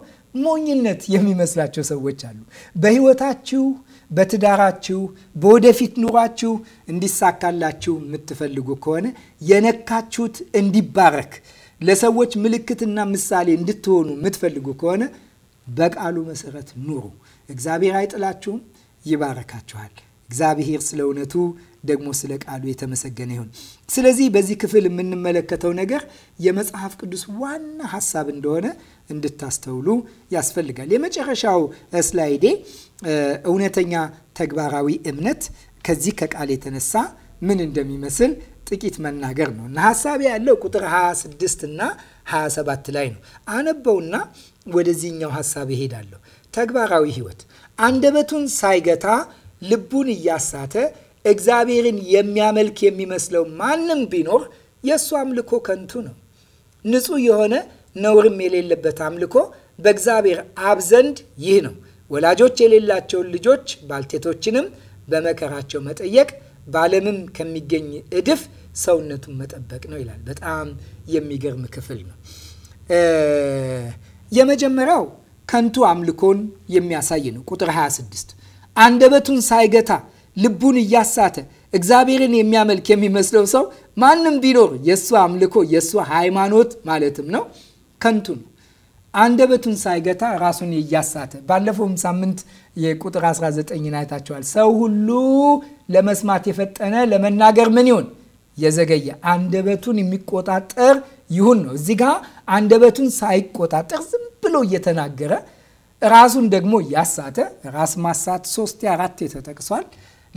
ሞኝነት የሚመስላቸው ሰዎች አሉ። በህይወታችሁ፣ በትዳራችሁ፣ በወደፊት ኑሯችሁ እንዲሳካላችሁ የምትፈልጉ ከሆነ የነካችሁት እንዲባረክ ለሰዎች ምልክትና ምሳሌ እንድትሆኑ የምትፈልጉ ከሆነ በቃሉ መሰረት ኑሩ። እግዚአብሔር አይጥላችሁም፣ ይባረካችኋል። እግዚአብሔር ስለ እውነቱ ደግሞ ስለ ቃሉ የተመሰገነ ይሁን። ስለዚህ በዚህ ክፍል የምንመለከተው ነገር የመጽሐፍ ቅዱስ ዋና ሀሳብ እንደሆነ እንድታስተውሉ ያስፈልጋል። የመጨረሻው ስላይዴ እውነተኛ ተግባራዊ እምነት ከዚህ ከቃል የተነሳ ምን እንደሚመስል ጥቂት መናገር ነው እና ሀሳብ ያለው ቁጥር 26 እና 27 ላይ ነው። አነበውና ወደዚህኛው ሀሳብ ይሄዳለሁ። ተግባራዊ ህይወት አንደበቱን ሳይገታ ልቡን እያሳተ እግዚአብሔርን የሚያመልክ የሚመስለው ማንም ቢኖር የእሱ አምልኮ ከንቱ ነው። ንጹህ የሆነ ነውርም የሌለበት አምልኮ በእግዚአብሔር አብ ዘንድ ይህ ነው። ወላጆች የሌላቸውን ልጆች ባልቴቶችንም በመከራቸው መጠየቅ በዓለምም ከሚገኝ እድፍ ሰውነቱን መጠበቅ ነው ይላል። በጣም የሚገርም ክፍል ነው። የመጀመሪያው ከንቱ አምልኮን የሚያሳይ ነው። ቁጥር 26 አንደበቱን ሳይገታ ልቡን እያሳተ እግዚአብሔርን የሚያመልክ የሚመስለው ሰው ማንም ቢኖር የእሱ አምልኮ የእሱ ሃይማኖት ማለትም ነው ከንቱ ነው። አንደበቱን ሳይገታ ራሱን እያሳተ ባለፈውም ሳምንት የቁጥር 19 አይታቸዋል። ሰው ሁሉ ለመስማት የፈጠነ ለመናገር ምን ይሆን የዘገየ አንደበቱን የሚቆጣጠር ይሁን ነው። እዚህ ጋ አንደበቱን ሳይቆጣጠር ዝም ብሎ እየተናገረ ራሱን ደግሞ እያሳተ ራስ ማሳት ሶስት አራት ተጠቅሷል።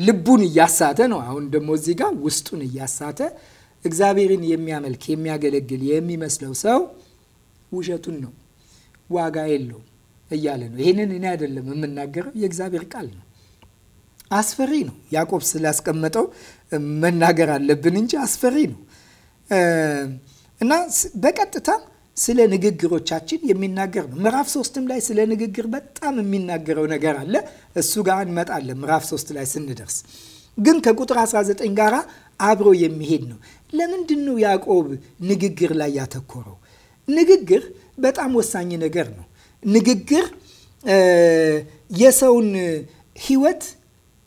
ልቡን እያሳተ ነው። አሁን ደግሞ እዚህ ጋ ውስጡን እያሳተ እግዚአብሔርን የሚያመልክ የሚያገለግል የሚመስለው ሰው ውሸቱን ነው፣ ዋጋ የለውም እያለ ነው። ይህንን እኔ አይደለም የምናገረው የእግዚአብሔር ቃል ነው። አስፈሪ ነው። ያዕቆብ ስላስቀመጠው መናገር አለብን እንጂ አስፈሪ ነው እና በቀጥታ ስለ ንግግሮቻችን የሚናገር ነው። ምዕራፍ ሶስትም ላይ ስለ ንግግር በጣም የሚናገረው ነገር አለ። እሱ ጋር እንመጣለን ምዕራፍ ሶስት ላይ ስንደርስ። ግን ከቁጥር 19 ጋር አብሮ የሚሄድ ነው። ለምንድን ነው ያዕቆብ ንግግር ላይ ያተኮረው? ንግግር በጣም ወሳኝ ነገር ነው። ንግግር የሰውን ሕይወት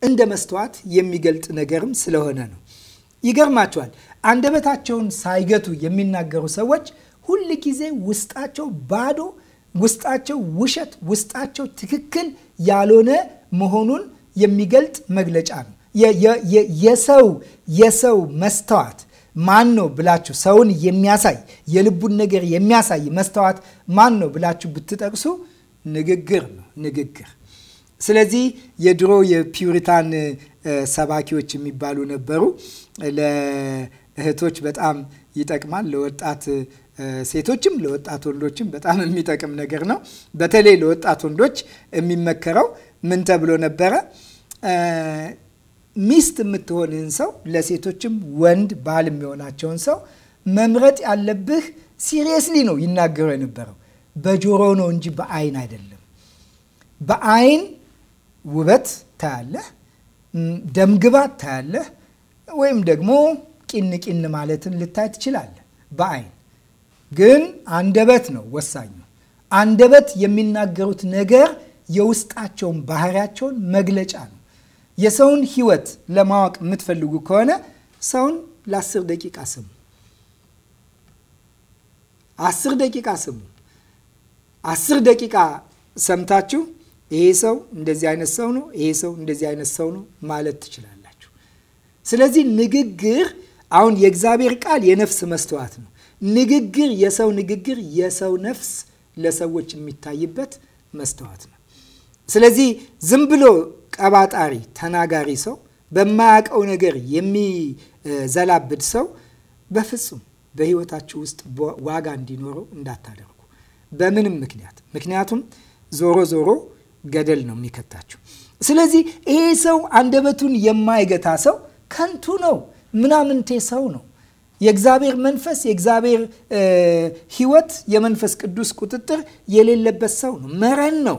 እንደ መስተዋት የሚገልጥ ነገርም ስለሆነ ነው። ይገርማቸዋል። አንደበታቸውን ሳይገቱ የሚናገሩ ሰዎች ሁል ጊዜ ውስጣቸው ባዶ፣ ውስጣቸው ውሸት፣ ውስጣቸው ትክክል ያልሆነ መሆኑን የሚገልጥ መግለጫ ነው። የሰው የሰው መስተዋት ማን ነው ብላችሁ ሰውን የሚያሳይ የልቡን ነገር የሚያሳይ መስተዋት ማን ነው ብላችሁ ብትጠቅሱ ንግግር ነው። ንግግር ስለዚህ የድሮ የፒውሪታን ሰባኪዎች የሚባሉ ነበሩ። ለእህቶች በጣም ይጠቅማል። ለወጣት ሴቶችም ለወጣት ወንዶችም በጣም የሚጠቅም ነገር ነው። በተለይ ለወጣት ወንዶች የሚመከረው ምን ተብሎ ነበረ? ሚስት የምትሆንህን ሰው ለሴቶችም ወንድ ባል የሚሆናቸውን ሰው መምረጥ ያለብህ ሲሪየስሊ ነው ይናገረው የነበረው። በጆሮ ነው እንጂ በአይን አይደለም። በአይን ውበት ታያለህ፣ ደምግባት ታያለህ፣ ወይም ደግሞ ቂን ቂን ማለትን ልታይ ትችላለህ በአይን ግን አንደበት ነው ወሳኙ። አንደበት የሚናገሩት ነገር የውስጣቸውን ባህሪያቸውን መግለጫ ነው። የሰውን ህይወት ለማወቅ የምትፈልጉ ከሆነ ሰውን ለአስር ደቂቃ ስሙ። አስር ደቂቃ ስሙ። አስር ደቂቃ ሰምታችሁ ይሄ ሰው እንደዚህ አይነት ሰው ነው፣ ይሄ ሰው እንደዚህ አይነት ሰው ነው ማለት ትችላላችሁ። ስለዚህ ንግግር አሁን የእግዚአብሔር ቃል የነፍስ መስተዋት ነው። ንግግር የሰው ንግግር የሰው ነፍስ ለሰዎች የሚታይበት መስተዋት ነው። ስለዚህ ዝም ብሎ ቀባጣሪ ተናጋሪ ሰው በማያውቀው ነገር የሚዘላብድ ሰው በፍጹም በሕይወታችሁ ውስጥ ዋጋ እንዲኖረው እንዳታደርጉ በምንም ምክንያት ምክንያቱም ዞሮ ዞሮ ገደል ነው የሚከታችሁ። ስለዚህ ይሄ ሰው አንደበቱን የማይገታ ሰው ከንቱ ነው፣ ምናምንቴ ሰው ነው። የእግዚአብሔር መንፈስ የእግዚአብሔር ሕይወት የመንፈስ ቅዱስ ቁጥጥር የሌለበት ሰው ነው። መረን ነው፣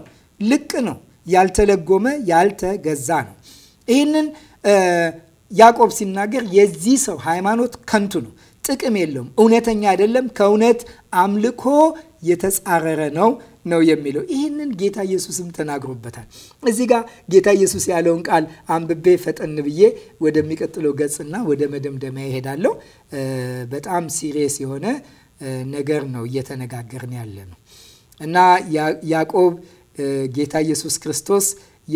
ልቅ ነው፣ ያልተለጎመ ያልተገዛ ነው። ይህንን ያዕቆብ ሲናገር የዚህ ሰው ሃይማኖት ከንቱ ነው፣ ጥቅም የለውም፣ እውነተኛ አይደለም፣ ከእውነት አምልኮ የተጻረረ ነው ነው የሚለው። ይህንን ጌታ ኢየሱስም ተናግሮበታል። እዚህ ጋር ጌታ ኢየሱስ ያለውን ቃል አንብቤ ፈጠን ብዬ ወደሚቀጥለው ገጽና ወደ መደምደሚያ ይሄዳለሁ። በጣም ሲሪየስ የሆነ ነገር ነው እየተነጋገርን ያለ ነው እና ያዕቆብ ጌታ ኢየሱስ ክርስቶስ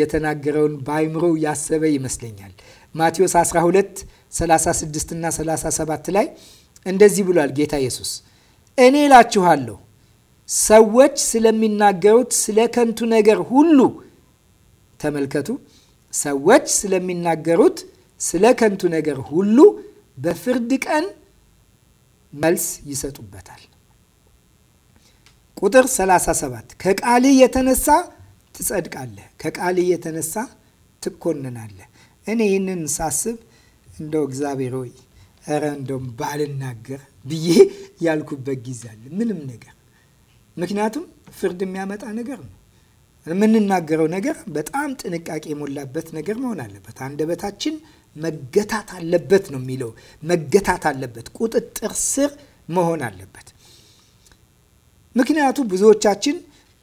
የተናገረውን በአይምሮ ያሰበ ይመስለኛል። ማቴዎስ 12 36 እና 37 ላይ እንደዚህ ብሏል ጌታ ኢየሱስ እኔ እላችኋለሁ ሰዎች ስለሚናገሩት ስለ ከንቱ ነገር ሁሉ ተመልከቱ። ሰዎች ስለሚናገሩት ስለ ከንቱ ነገር ሁሉ በፍርድ ቀን መልስ ይሰጡበታል። ቁጥር 37 ከቃልህ የተነሳ ትጸድቃለህ፣ ከቃልህ የተነሳ ትኮንናለህ። እኔ ይህንን ሳስብ እንደው እግዚአብሔር ሆይ እረ እንደውም ባልናገር ብዬ ያልኩበት ጊዜ አለ። ምንም ነገር ምክንያቱም ፍርድ የሚያመጣ ነገር ነው። የምንናገረው ነገር በጣም ጥንቃቄ የሞላበት ነገር መሆን አለበት። አንደበታችን መገታት አለበት ነው የሚለው። መገታት አለበት፣ ቁጥጥር ስር መሆን አለበት። ምክንያቱ ብዙዎቻችን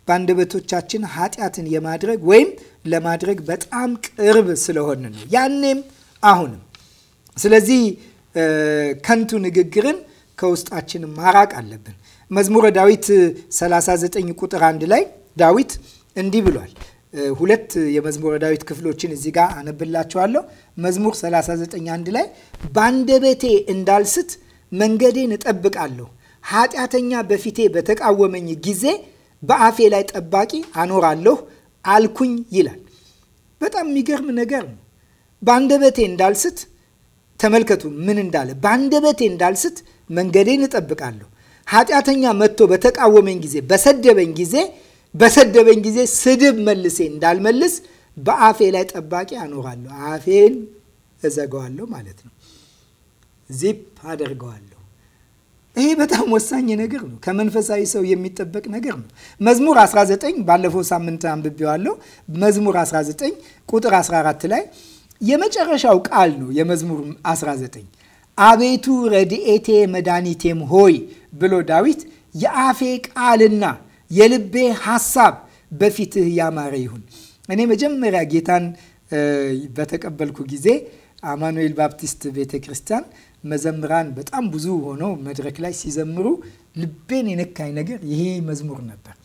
በአንደበቶቻችን ኃጢአትን የማድረግ ወይም ለማድረግ በጣም ቅርብ ስለሆን ነው፣ ያኔም አሁንም። ስለዚህ ከንቱ ንግግርን ከውስጣችን ማራቅ አለብን። መዝሙረ ዳዊት 39 ቁጥር አንድ ላይ ዳዊት እንዲህ ብሏል። ሁለት የመዝሙረ ዳዊት ክፍሎችን እዚህ ጋር አነብላችኋለሁ። መዝሙር 39 አንድ ላይ ባንደበቴ እንዳልስት መንገዴን እጠብቃለሁ፣ ኃጢአተኛ በፊቴ በተቃወመኝ ጊዜ በአፌ ላይ ጠባቂ አኖራለሁ አልኩኝ ይላል። በጣም የሚገርም ነገር ነው። ባንደበቴ እንዳልስት ተመልከቱ ምን እንዳለ። ባንደበቴ እንዳልስት መንገዴን እጠብቃለሁ ኃጢአተኛ መጥቶ በተቃወመኝ ጊዜ በሰደበኝ ጊዜ በሰደበኝ ጊዜ ስድብ መልሴ እንዳልመልስ በአፌ ላይ ጠባቂ አኖራለሁ። አፌን እዘጋዋለሁ ማለት ነው። ዚፕ አደርገዋለሁ። ይሄ በጣም ወሳኝ ነገር ነው። ከመንፈሳዊ ሰው የሚጠበቅ ነገር ነው። መዝሙር 19 ባለፈው ሳምንት አንብቤዋለሁ። መዝሙር 19 ቁጥር 14 ላይ የመጨረሻው ቃል ነው። የመዝሙር 19 አቤቱ ረድኤቴ መድኃኒቴም ሆይ ብሎ ዳዊት የአፌ ቃልና የልቤ ሐሳብ በፊትህ ያማረ ይሁን። እኔ መጀመሪያ ጌታን በተቀበልኩ ጊዜ አማኑኤል ባፕቲስት ቤተ ክርስቲያን መዘምራን በጣም ብዙ ሆነው መድረክ ላይ ሲዘምሩ ልቤን የነካኝ ነገር ይሄ መዝሙር ነበር።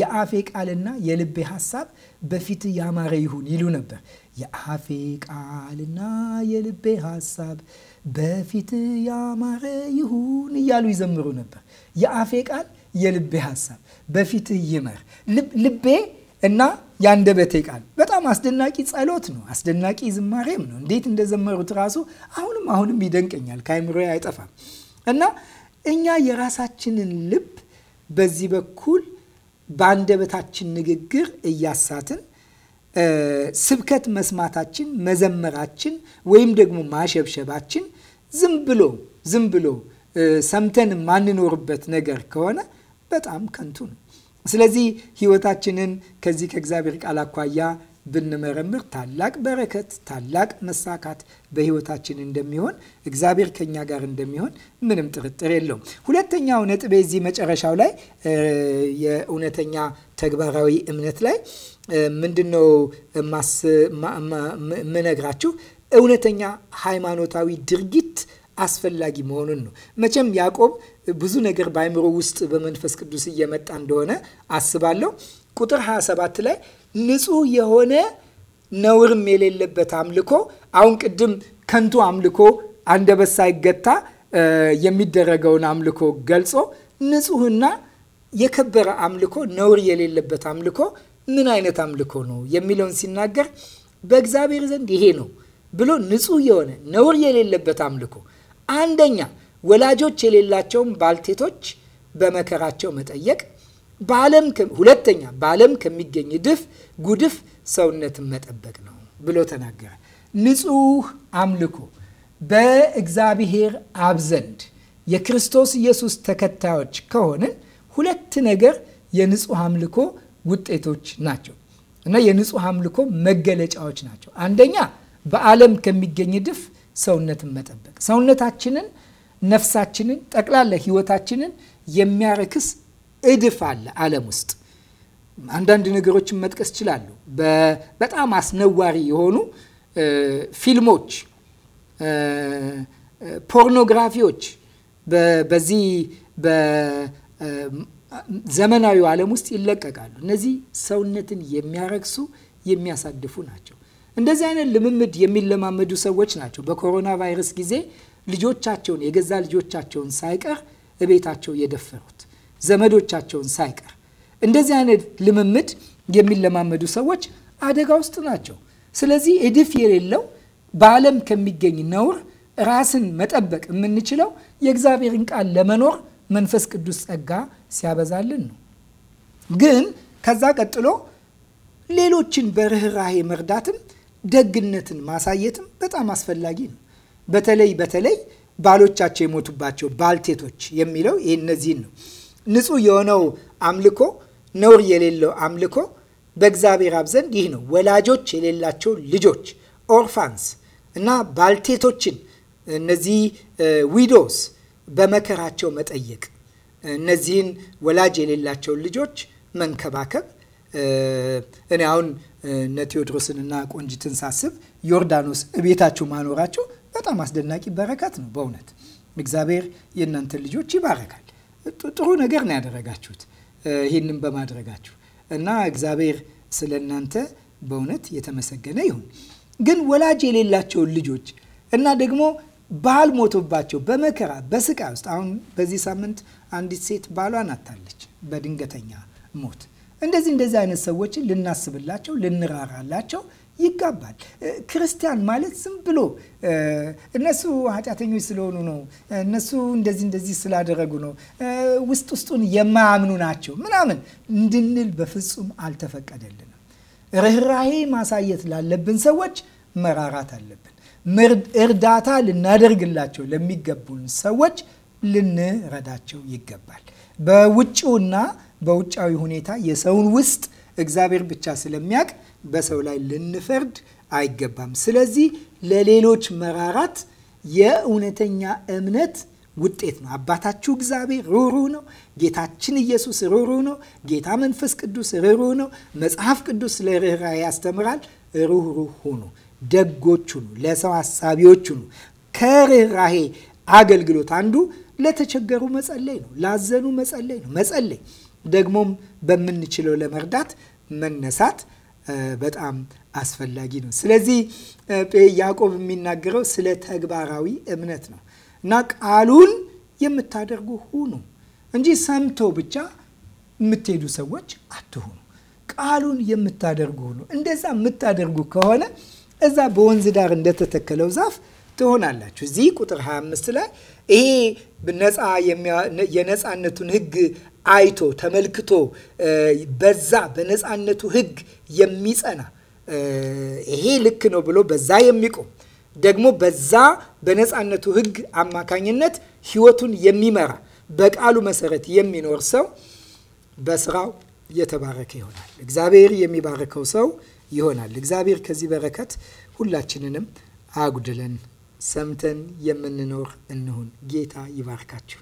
የአፌ ቃልና የልቤ ሐሳብ በፊትህ ያማረ ይሁን ይሉ ነበር። የአፌ ቃልና የልቤ ሐሳብ በፊት ያማረ ይሁን እያሉ ይዘምሩ ነበር። የአፌ ቃል የልቤ ሀሳብ በፊት ይመር። ልቤ እና የአንደበቴ ቃል በጣም አስደናቂ ጸሎት ነው። አስደናቂ ዝማሬም ነው። እንዴት እንደዘመሩት ራሱ አሁንም አሁንም ይደንቀኛል፣ ከአይምሮ አይጠፋም። እና እኛ የራሳችንን ልብ በዚህ በኩል በአንደበታችን ንግግር እያሳትን ስብከት መስማታችን፣ መዘመራችን ወይም ደግሞ ማሸብሸባችን ዝም ብሎ ዝም ብሎ ሰምተን ማንኖርበት ነገር ከሆነ በጣም ከንቱ ነው። ስለዚህ ህይወታችንን ከዚህ ከእግዚአብሔር ቃል አኳያ ብንመረምር ታላቅ በረከት፣ ታላቅ መሳካት በህይወታችን እንደሚሆን እግዚአብሔር ከኛ ጋር እንደሚሆን ምንም ጥርጥር የለውም። ሁለተኛው ነጥብ የዚህ መጨረሻው ላይ የእውነተኛ ተግባራዊ እምነት ላይ ምንድነው ምነግራችሁ እውነተኛ ሃይማኖታዊ ድርጊት አስፈላጊ መሆኑን ነው። መቼም ያዕቆብ ብዙ ነገር በአይምሮ ውስጥ በመንፈስ ቅዱስ እየመጣ እንደሆነ አስባለሁ። ቁጥር 27 ላይ ንጹህ የሆነ ነውርም የሌለበት አምልኮ። አሁን ቅድም ከንቱ አምልኮ አንደበት ሳይገታ የሚደረገውን አምልኮ ገልጾ ንጹህና የከበረ አምልኮ፣ ነውር የሌለበት አምልኮ ምን አይነት አምልኮ ነው የሚለውን ሲናገር በእግዚአብሔር ዘንድ ይሄ ነው ብሎ ንጹህ የሆነ ነውር የሌለበት አምልኮ አንደኛ ወላጆች የሌላቸውን ባልቴቶች በመከራቸው መጠየቅ በዓለም ሁለተኛ በዓለም ከሚገኝ ድፍ ጉድፍ ሰውነትን መጠበቅ ነው ብሎ ተናገረ። ንጹህ አምልኮ በእግዚአብሔር አብ ዘንድ የክርስቶስ ኢየሱስ ተከታዮች ከሆንን ሁለት ነገር የንጹህ አምልኮ ውጤቶች ናቸው እና የንጹህ አምልኮ መገለጫዎች ናቸው። አንደኛ በዓለም ከሚገኝ ድፍ ሰውነትን መጠበቅ፣ ሰውነታችንን፣ ነፍሳችንን፣ ጠቅላላ ህይወታችንን የሚያረክስ እድፍ አለ ዓለም ውስጥ። አንዳንድ ነገሮችን መጥቀስ ይችላሉ። በጣም አስነዋሪ የሆኑ ፊልሞች፣ ፖርኖግራፊዎች በዚህ በዘመናዊው ዓለም ውስጥ ይለቀቃሉ። እነዚህ ሰውነትን የሚያረግሱ የሚያሳድፉ ናቸው። እንደዚህ አይነት ልምምድ የሚለማመዱ ሰዎች ናቸው በኮሮና ቫይረስ ጊዜ ልጆቻቸውን የገዛ ልጆቻቸውን ሳይቀር እቤታቸው የደፈሩት ዘመዶቻቸውን ሳይቀር። እንደዚህ አይነት ልምምድ የሚለማመዱ ሰዎች አደጋ ውስጥ ናቸው። ስለዚህ እድፍ የሌለው በዓለም ከሚገኝ ነውር ራስን መጠበቅ የምንችለው የእግዚአብሔርን ቃል ለመኖር መንፈስ ቅዱስ ጸጋ ሲያበዛልን ነው። ግን ከዛ ቀጥሎ ሌሎችን በርኅራሄ መርዳትም ደግነትን ማሳየትም በጣም አስፈላጊ ነው። በተለይ በተለይ ባሎቻቸው የሞቱባቸው ባልቴቶች የሚለው ይህ እነዚህን ነው። ንጹህ የሆነው አምልኮ ነውር የሌለው አምልኮ በእግዚአብሔር አብ ዘንድ ይህ ነው። ወላጆች የሌላቸው ልጆች ኦርፋንስ እና ባልቴቶችን እነዚህ ዊዶስ በመከራቸው መጠየቅ፣ እነዚህን ወላጅ የሌላቸውን ልጆች መንከባከብ። እኔ አሁን እነ ና ቆንጅትን ሳስብ ዮርዳኖስ እቤታችሁ ማኖራቸው በጣም አስደናቂ በረከት ነው። በእውነት እግዚአብሔር የእናንተን ልጆች ይባረካል። ጥሩ ነገር ነው ያደረጋችሁት ይህንም በማድረጋችሁ እና እግዚአብሔር ስለ እናንተ በእውነት የተመሰገነ ይሁን። ግን ወላጅ የሌላቸውን ልጆች እና ደግሞ ባል ሞቶባቸው በመከራ በስቃይ ውስጥ አሁን በዚህ ሳምንት አንዲት ሴት ባሏን ናታለች በድንገተኛ ሞት። እንደዚህ እንደዚህ አይነት ሰዎችን ልናስብላቸው ልንራራላቸው ይጋባል። ክርስቲያን ማለት ዝም ብሎ እነሱ ኃጢአተኞች ስለሆኑ ነው፣ እነሱ እንደዚህ እንደዚህ ስላደረጉ ነው፣ ውስጥ ውስጡን የማያምኑ ናቸው ምናምን እንድንል በፍጹም አልተፈቀደልንም። ርኅራሄ ማሳየት ላለብን ሰዎች መራራት አለብን። እርዳታ ልናደርግላቸው ለሚገቡን ሰዎች ልንረዳቸው ይገባል። በውጭውና በውጫዊ ሁኔታ የሰውን ውስጥ እግዚአብሔር ብቻ ስለሚያውቅ በሰው ላይ ልንፈርድ አይገባም። ስለዚህ ለሌሎች መራራት የእውነተኛ እምነት ውጤት ነው። አባታችሁ እግዚአብሔር ርኅሩህ ነው። ጌታችን ኢየሱስ ርሩ ነው። ጌታ መንፈስ ቅዱስ ርሩ ነው። መጽሐፍ ቅዱስ ስለ ርኅራኄ ያስተምራል። ርኅሩህ ሁኑ፣ ደጎች ሁኑ፣ ለሰው አሳቢዎች ሁኑ። ከርኅራኄ አገልግሎት አንዱ ለተቸገሩ መጸለይ ነው። ላዘኑ መጸለይ ነው። መጸለይ ደግሞም በምንችለው ለመርዳት መነሳት በጣም አስፈላጊ ነው። ስለዚህ ያዕቆብ የሚናገረው ስለ ተግባራዊ እምነት ነው እና ቃሉን የምታደርጉ ሁኑ እንጂ ሰምቶ ብቻ የምትሄዱ ሰዎች አትሁኑ። ቃሉን የምታደርጉ ሁኑ። እንደዛ የምታደርጉ ከሆነ እዛ በወንዝ ዳር እንደተተከለው ዛፍ ትሆናላችሁ። እዚህ ቁጥር 25 ላይ ይሄ የነፃነቱን ሕግ አይቶ ተመልክቶ በዛ በነፃነቱ ህግ የሚጸና ይሄ ልክ ነው ብሎ በዛ የሚቆም ደግሞ በዛ በነፃነቱ ህግ አማካኝነት ህይወቱን የሚመራ በቃሉ መሰረት የሚኖር ሰው በስራው የተባረከ ይሆናል። እግዚአብሔር የሚባረከው ሰው ይሆናል። እግዚአብሔር ከዚህ በረከት ሁላችንንም አጉድለን ሰምተን የምንኖር እንሁን። ጌታ ይባርካችሁ።